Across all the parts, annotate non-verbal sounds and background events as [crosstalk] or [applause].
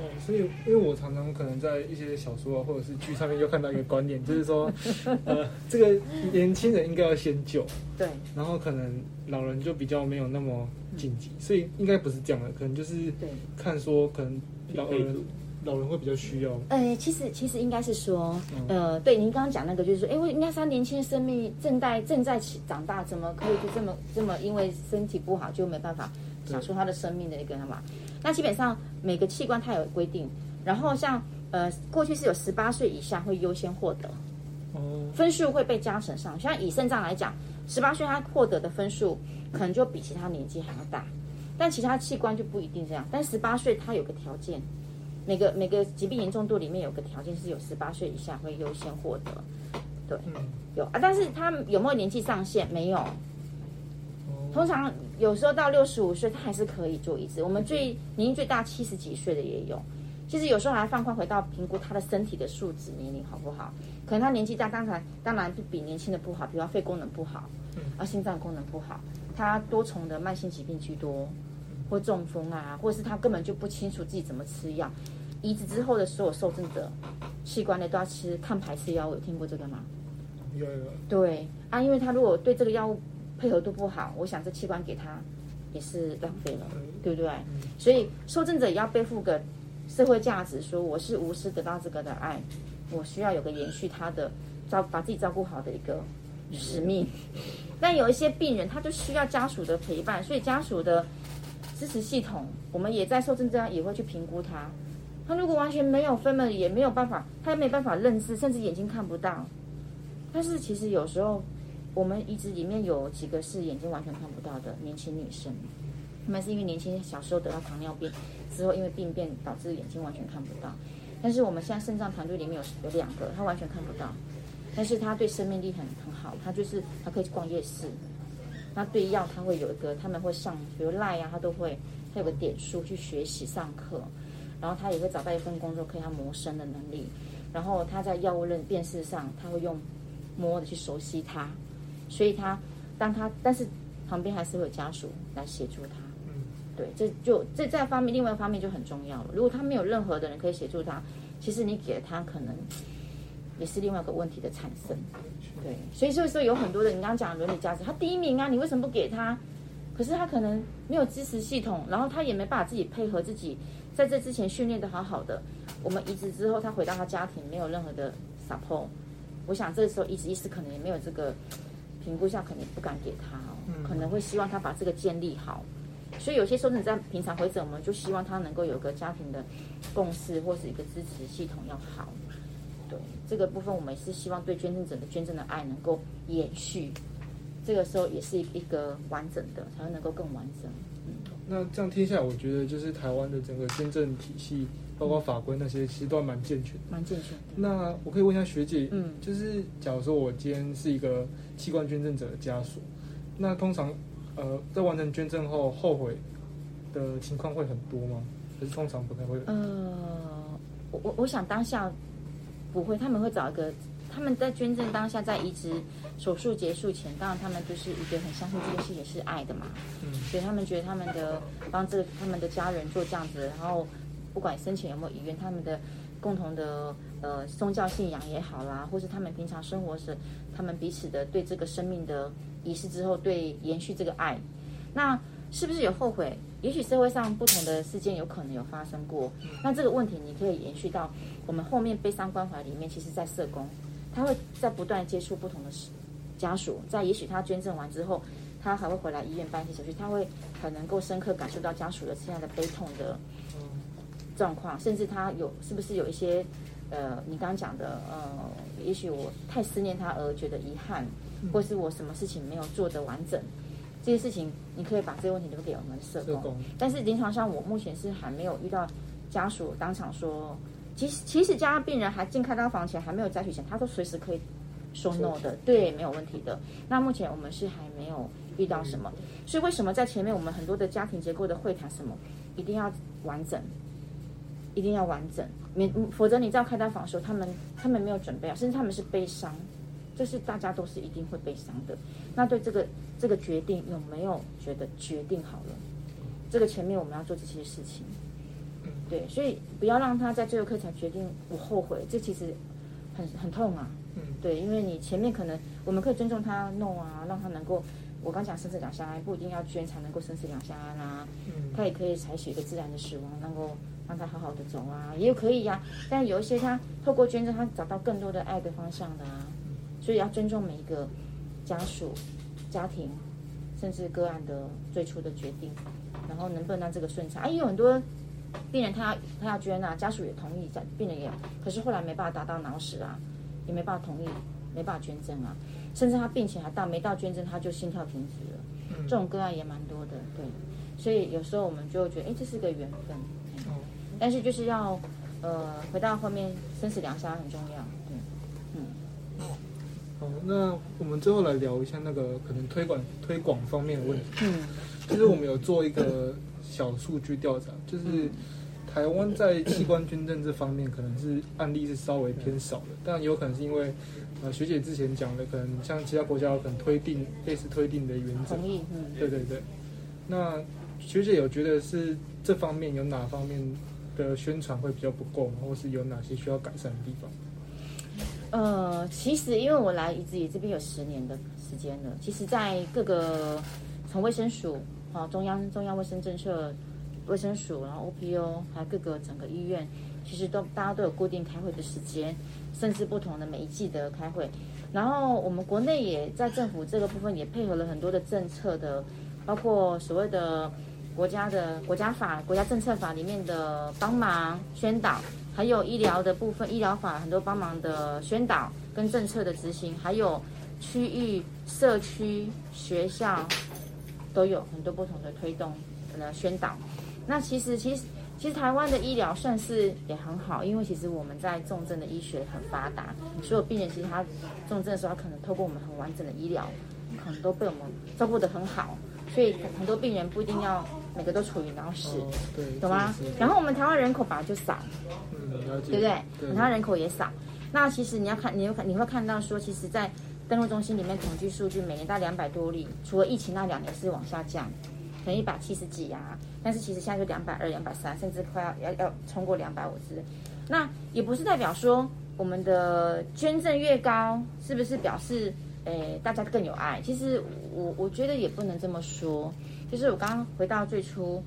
哦、嗯，所以因為我常常可能在一些小說啊，或者是劇上面，就看到一個觀點，就是說， [laughs] 呃，這個年輕人應該要先救，對，然後可能老人就比較沒有那麼緊急、嗯，所以應該不是這樣的，可能就是對，看說，可能老人老人，老人會比較需要。哎、呃，其實其實應該是說、嗯，呃，對您剛剛講那個，就是說，哎、欸，我應該是年輕的生命正在正在長大，怎麼可以就這麼這麼，因為身體不好就沒辦法？講述他的生命的一個那個什麼？那基本上每個器官它有規定，然後像呃過去是有十八歲以下會優先獲得，嗯，分數會被加成上。像以腎臟來講，十八歲他獲得的分數可能就比其他年紀還要大，但其他器官就不一定這樣。但十八歲他有個條件，每個每個疾病嚴重度裡面有個條件是有十八歲以下會優先獲得，對，有啊，但是他有沒有年紀上限？沒有。通常有時候到六十五歲，他還是可以做移植。我們最年齡最大七十幾歲的也有。其實有時候還放寬，回到評估他的身體的素質年齡好不好？可能他年紀大，當然當然比年輕的不好，比方肺功能不好，啊，心臟功能不好，他多重的慢性疾病居多，或中風啊，或者是他根本就不清楚自己怎麼吃藥。移植之後的所有受贈的器官呢，都要吃抗排斥藥物，有聽過這個嗎？有有。對啊，因為他如果對這個藥物。配合度不好，我想這器官給他也是浪費了，對不對？所以受贈者也要背負個社會價值，說我是無私得到這個的愛，我需要有個延續他的照把自己照顧好的一個使命。但有一些病人，他就需要家屬的陪伴，所以家屬的支持系統，我們也在受贈者也會去評估他。他如果完全沒有 family，也沒有辦法，他也沒辦法認識，甚至眼睛看不到。但是其實有時候。我們移植裡面有幾個是眼睛完全看不到的年輕女生，他們是因為年輕小時候得到糖尿病之後，因為病變導致眼睛完全看不到。但是我們現在腎臟團隊裡面有有兩個，他完全看不到，但是他對生命力很很好，他就是他可以去逛夜市，他對藥他會有一個，他們會上比如賴啊，他都會他有個點數去學習上課，然後他也會找到一份工作，可以他謀生的能力，然後他在藥物認辨識上，他會用摸的去熟悉它。所以他，當他，但是旁邊還是會有家屬來協助他。對，這就這在方面，另外一方面就很重要了。如果他沒有任何的人可以協助他，其實你給了他，可能也是另外一個問題的產生。對，所以所以說有很多的，你剛剛講的倫理價值，他第一名啊，你為什麼不給他？可是他可能沒有支持系統，然後他也沒把辦法自己配合自己在這之前訓練得好好的。我們移植之後，他回到他家庭，沒有任何的 support，我想這時候移植醫師可能也沒有這個。評估下，肯定不敢給他。哦、可能會希望他把這個建立好，嗯、所以有些時候你在平常回診，我們就希望他能夠有個家庭的共識，或是一個支持系統要好。對，這個部分我們也是希望對捐贈者的捐贈的愛能夠延續，這個時候也是一個完整的，才能夠更完整。嗯，那這樣聽下來，我覺得就是台灣的整個捐贈體系，包括法規那些，其實都還蠻健全的。蠻健全的。那我可以問一下學姐，嗯，就是假如說我今天是一個器官捐贈者的家屬，那通常，呃，在完成捐贈後，後悔的情況會很多嗎？可是通常不太會？呃，我我想當下不會，他們會找一個，他們在捐贈當下，在移植手術結束前，當然他們就是一個很相信這個事情是愛的嘛，嗯，所以他們覺得他們的幫這個他們的家人做這樣子，然後。不管生前有沒有遺願，他們的共同的呃宗教信仰也好啦，或是他們平常生活時，他們彼此的對這個生命的儀式之後，對延續這個愛，那是不是有後悔？也許社會上不同的事件有可能有發生過。那這個問題你可以延續到我們後面悲傷關懷裡面。其實，在社工他會在不斷接觸不同的家屬，在也許他捐贈完之後，他還會回來醫院辦一些手續，他會很能夠深刻感受到家屬的現在的悲痛的。狀況，甚至他有是不是有一些，呃，你剛講的，呃，也許我太思念他而覺得遺憾，嗯、或是我什麼事情沒有做得完整，這些事情你可以把這個問題留給我們社工。社工，但是臨床上我目前是還沒有遇到家屬當場說，即使即使家病人還進開刀房前還沒有摘取前，他都隨時可以說 no 的，對，沒有問題的。那目前我們是還沒有遇到什麼，所以為什麼在前面我們很多的家庭結構的會談，什麼一定要完整？一定要完整，免否則你在開單房的時候，他們他們沒有準備啊，甚至他們是悲傷，這，就是大家都是一定會悲傷的。那對這個這個決定有沒有覺得決定好了？這個前面我們要做這些事情，對，所以不要讓他在最後刻，才決定，不後悔，這其實很很痛啊，嗯，對，因為你前面可能我們可以尊重他弄，no、啊，讓他能夠。我剛講生死兩相安，不一定要捐才能夠生死兩相安啊，他也可以採取一個自然的死亡，能夠讓他好好的走啊，也有可以呀、啊。但有一些他透過捐贈，他找到更多的愛的方向的啊。所以要尊重每一個家屬、家庭，甚至個案的最初的決定，然後能不能讓這個順暢。啊、哎？也有很多病人他要他要捐啊，家屬也同意，家病人也，可是後來沒辦法達到腦死啊，也沒辦法同意，沒辦法捐贈啊。甚至他病情還到沒到捐贈，他就心跳停止了。嗯、這種個案也蠻多的，對。所以有時候我們就覺得，哎、欸，這是個緣分、嗯哦。但是就是要，呃，回到後面生死兩相很重要。對，嗯。好，那我們最後來聊一下那個可能推廣推廣方面的問題。嗯，其實我們有做一個小數據調查，就是。嗯台灣在器官捐贈這方面，可能是案例是稍微偏少的，嗯，但有可能是因為，呃，學姐之前講的，可能像其他國家有可能推定類似推定的原則，同意，嗯，對對對。那學姐有覺得是這方面有哪方面的宣傳會比較不夠嗎？或是有哪些需要改善的地方？呃，其實因為我來移植這邊有十年的時間了，其實在各個從衛生署啊，中央中央衛生政策。衛生署，然後 OPO，還有各個整個醫院，其實都大家都有固定開會的時間，甚至不同的每一季的開會。然後我們國內也在政府這個部分也配合了很多的政策的，包括所謂的國家的國家法、國家政策法裡面的幫忙宣導，還有醫療的部分醫療法很多幫忙的宣導跟政策的執行，還有區域社區學校都有很多不同的推動呃宣導。那其實，其實，其實台灣的醫療算是也很好，因為其實我們在重症的醫學很發達，所有病人其實他重症的時候，可能透過我們很完整的醫療，可能都被我們照顧得很好，所以很多病人不一定要每個都處於腦死，哦，懂嗎？對，對，對，對，然後我們台灣人口本來就少，嗯，對不對？台灣人口也少，那其實你要看，你會看，你會看到說，其實，在登錄中心裡面統計數據，每年大概兩百多例，除了疫情那兩年是往下降。可能一百七十幾啊，但是其實現在就兩百二、兩百三，甚至快要要要超過兩百五十。那也不是代表說我們的捐贈越高，是不是表示誒、呃、大家更有愛？其實我我覺得也不能這麼說。就是我剛剛回到最初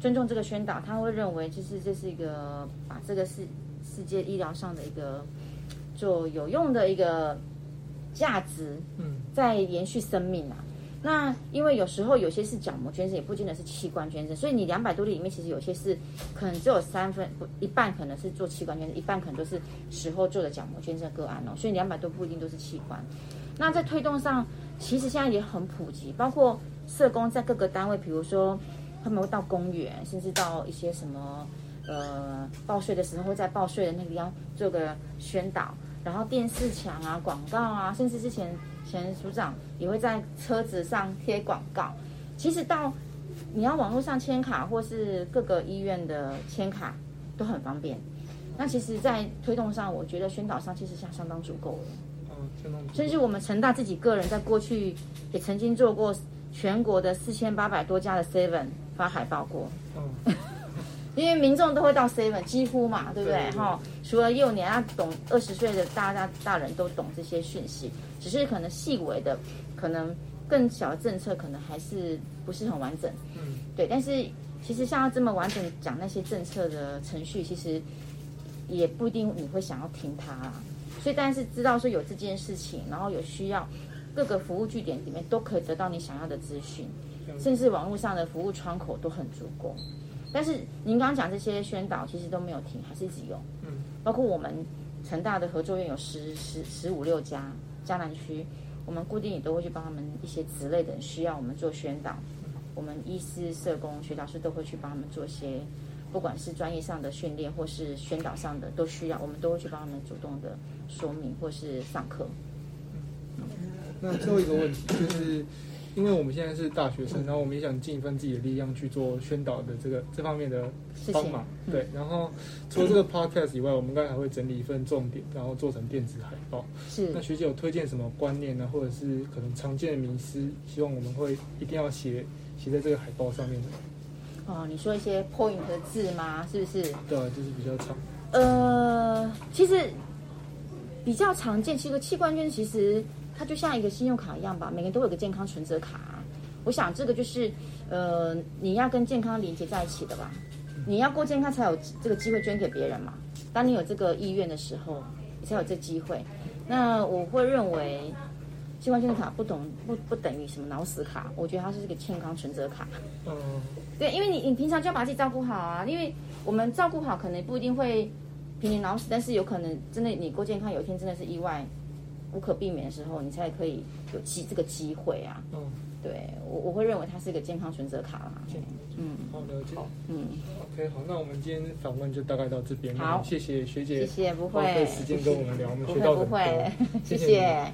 尊重這個宣導，他會認為就是這是一個把這個世世界醫療上的一個做有用的一個價值，嗯，在延續生命啊。那因為有時候有些是角膜捐贈，也不見得是器官捐贈，所以你兩百多例裡面，其實有些是可能只有三分不一半，可能是做器官捐贈，一半可能都是時候做的角膜捐贈個案哦。所以兩百多不一定都是器官。那在推動上，其實現在也很普及，包括社工在各個單位，比如說他們會到公園，甚至到一些什麼呃報稅的時候，會在報稅的那個地方做個宣導，然後電視牆啊、廣告啊，甚至之前。前署長也會在車子上貼廣告，其實到你要網絡上簽卡，或是各個醫院的簽卡都很方便。那其實，在推動上，我覺得宣導上其實相相當足夠了。嗯，推甚至我們成大自己個人，在過去也曾經做過全國的四千八百多家的 Seven 發海報過。Oh. 因為民眾都會到 seven 幾乎嘛，對不對？哈、哦，除了幼年啊懂二十歲的大家大人都懂這些訊息，只是可能細微的，可能更小的政策可能還是不是很完整。嗯，對。但是其實像要這麼完整講那些政策的程序，其實也不一定你會想要聽它啦。所以，但是知道說有這件事情，然後有需要，各個服務據點裡面都可以得到你想要的資訊，甚至網絡上的服務窗口都很足夠。但是您剛剛講這些宣導其實都沒有停，還是一直有。嗯，包括我們成大的合作院有十十十五六家，嘉南區我們固定也都會去幫他們一些職類的需要，我們做宣導。我們醫師、社工、學導師都會去幫他們做些，不管是專業上的訓練或是宣導上的，都需要我們都會去幫他們主動的說明或是上課。嗯，那最後一個問題 [coughs] 就是。因為我們現在是大學生，然後我們也想盡一份自己的力量去做宣導的這個這方面的幫忙事情，嗯。對，然後除了這個 podcast 以外，我們剛才還會整理一份重點，然後做成電子海報。是，那學姐有推薦什麼觀念呢？或者是可能常見的迷思？希望我們會一定要寫寫在這個海報上面的。哦，你說一些 point 的字嗎？是不是？對，啊，就是比較長。呃，其實比較常見，其實器官捐其實。它就像一個信用卡一樣吧，每個人都有個健康存折卡啊。我想這個就是，呃，你要跟健康連接在一起的吧。你要過健康才有這個機會捐給別人嘛。當你有這個意願的時候，你才有這機會。那我會認為，器官健康卡不懂不不等於什麼腦死卡。我覺得它是這個健康存折卡。嗯。對，因為你你平常就要把自己照顧好啊。因為我們照顧好，可能不一定會平年腦死，但是有可能真的你過健康，有一天真的是意外。不可避免的時候，你才可以有機這個機會啊。嗯，對，我我會認為它是一個健康選擇卡啦。嗯，好了解。嗯，OK，好，那我們今天訪問就大概到這邊。好，謝謝學姐，謝謝，不會，哦這個時間跟我們聊，不會不會，我們學到很多，謝謝。